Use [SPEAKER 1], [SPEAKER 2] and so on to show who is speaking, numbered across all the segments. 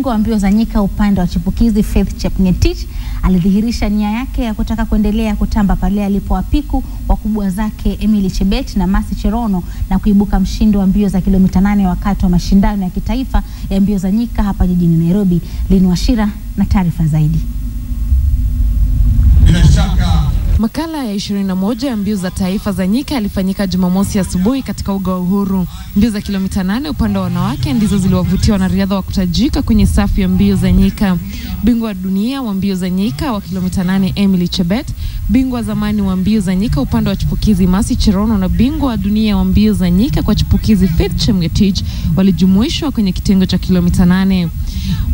[SPEAKER 1] Bingwa wa mbio za nyika upande wa chipukizi Faith Chepngetich alidhihirisha nia yake ya kutaka kuendelea kutamba pale alipowapiku wakubwa zake Emily Chebet na masi Cherono na kuibuka mshindi wa mbio za kilomita nane wakati wa mashindano ya kitaifa ya mbio za nyika hapa jijini Nairobi. Lini Washira na taarifa zaidi.
[SPEAKER 2] Makala ya 21 ya mbio za taifa za nyika yalifanyika Jumamosi asubuhi ya katika uga wa Uhuru. Mbio za kilomita nane upande wa wanawake ndizo ziliwavutia wanariadha wa kutajika kwenye safu ya mbio za nyika. Bingwa wa dunia wa mbio za nyika wa kilomita nane Emily Chebet, bingwa wa zamani wa mbio za nyika upande wa chipukizi masi Cherono na bingwa wa dunia wa mbio za nyika kwa chipukizi Faith Chemgetich walijumuishwa kwenye kitengo cha kilomita nane.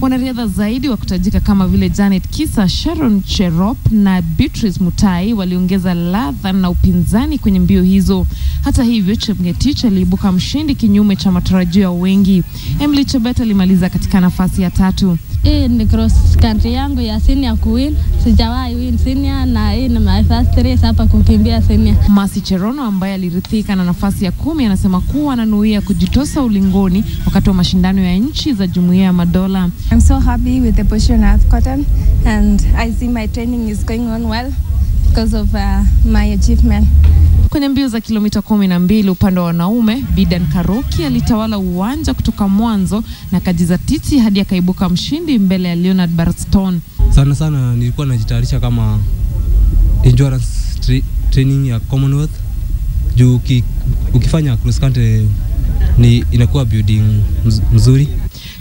[SPEAKER 2] Wanariadha zaidi wa kutajika kama vile Janet Kisa, Sharon Cherop na Beatrice Mutai waliongeza ladha na upinzani kwenye mbio hizo. Hata hivyo, Chepngetich aliibuka mshindi kinyume cha matarajio ya wengi. Emily Chebet alimaliza katika nafasi ya tatu
[SPEAKER 3] hii ni cross country yangu ya senior queen. sijawahi win senior na hii ni my first race hapa kukimbia senior.
[SPEAKER 2] Masi Cherono ambaye alirithika na nafasi ya kumi anasema kuwa ananuia kujitosa ulingoni wakati wa mashindano ya nchi za Jumuiya ya Madola.
[SPEAKER 4] I'm so happy with the position I've gotten and I see my training is going on well because of uh, my achievement.
[SPEAKER 2] Kwenye mbio za kilomita kumi na mbili upande wa wanaume, Bidan Karoki alitawala uwanja kutoka mwanzo na akajizatiti hadi akaibuka mshindi mbele ya Leonard Barston.
[SPEAKER 5] Sana sana nilikuwa najitayarisha kama endurance tra training ya Commonwealth juu uki, ukifanya cross country ni inakuwa building mzuri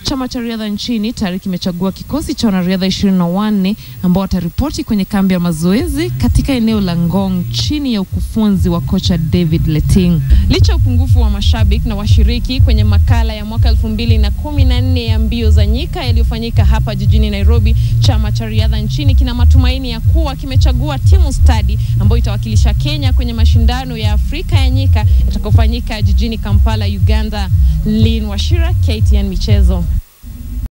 [SPEAKER 2] Chama cha riadha nchini tayari kimechagua kikosi cha wanariadha ishirini na wanne ambao wataripoti kwenye kambi ya mazoezi katika eneo la Ngong chini ya ukufunzi wa kocha David Leting. Licha ya upungufu wa mashabiki na washiriki kwenye makala ya mwaka elfu mbili na kumi na nne ya mbio za nyika yaliyofanyika hapa jijini Nairobi, chama cha riadha nchini kina matumaini ya kuwa kimechagua timu stadi ambayo itawakilisha Kenya kwenye mashindano ya Afrika ya nyika yatakayofanyika jijini Kampala, Uganda. Lin Washira, KTN Michezo.